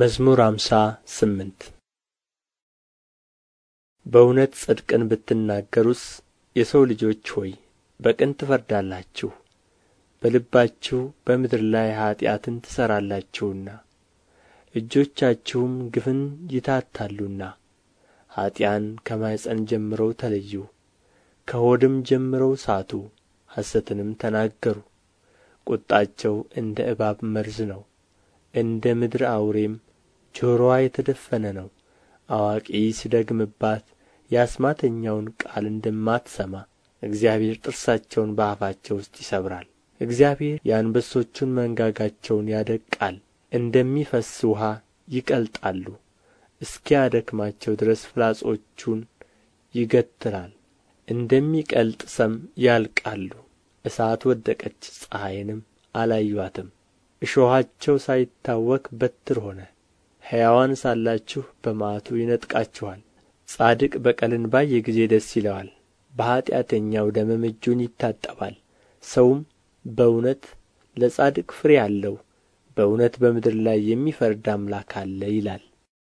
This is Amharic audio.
መዝሙር ሃምሳ ስምንት በእውነት ጽድቅን ብትናገሩስ የሰው ልጆች ሆይ በቅን ትፈርዳላችሁ በልባችሁ በምድር ላይ ኀጢአትን ትሠራላችሁና እጆቻችሁም ግፍን ይታታሉና ኀጢአን ከማኅፀን ጀምረው ተለዩ ከሆድም ጀምረው ሳቱ ሐሰትንም ተናገሩ ቁጣቸው እንደ እባብ መርዝ ነው እንደ ምድር አውሬም ጆሮዋ የተደፈነ ነው አዋቂ ሲደግምባት የአስማተኛውን ቃል እንደማትሰማ እግዚአብሔር ጥርሳቸውን በአፋቸው ውስጥ ይሰብራል እግዚአብሔር የአንበሶቹን መንጋጋቸውን ያደቃል እንደሚፈስ ውሃ ይቀልጣሉ እስኪያደክማቸው ድረስ ፍላጾቹን ይገትራል እንደሚቀልጥ ሰም ያልቃሉ እሳት ወደቀች ፀሐይንም አላዩአትም እሾኋቸው ሳይታወክ በትር ሆነ ሕያዋን ሳላችሁ በመዓቱ ይነጥቃችኋል ጻድቅ በቀልን ባየ ጊዜ ደስ ይለዋል በኃጢአተኛው ደምም እጁን ይታጠባል ሰውም በእውነት ለጻድቅ ፍሬ አለው በእውነት በምድር ላይ የሚፈርድ አምላክ አለ ይላል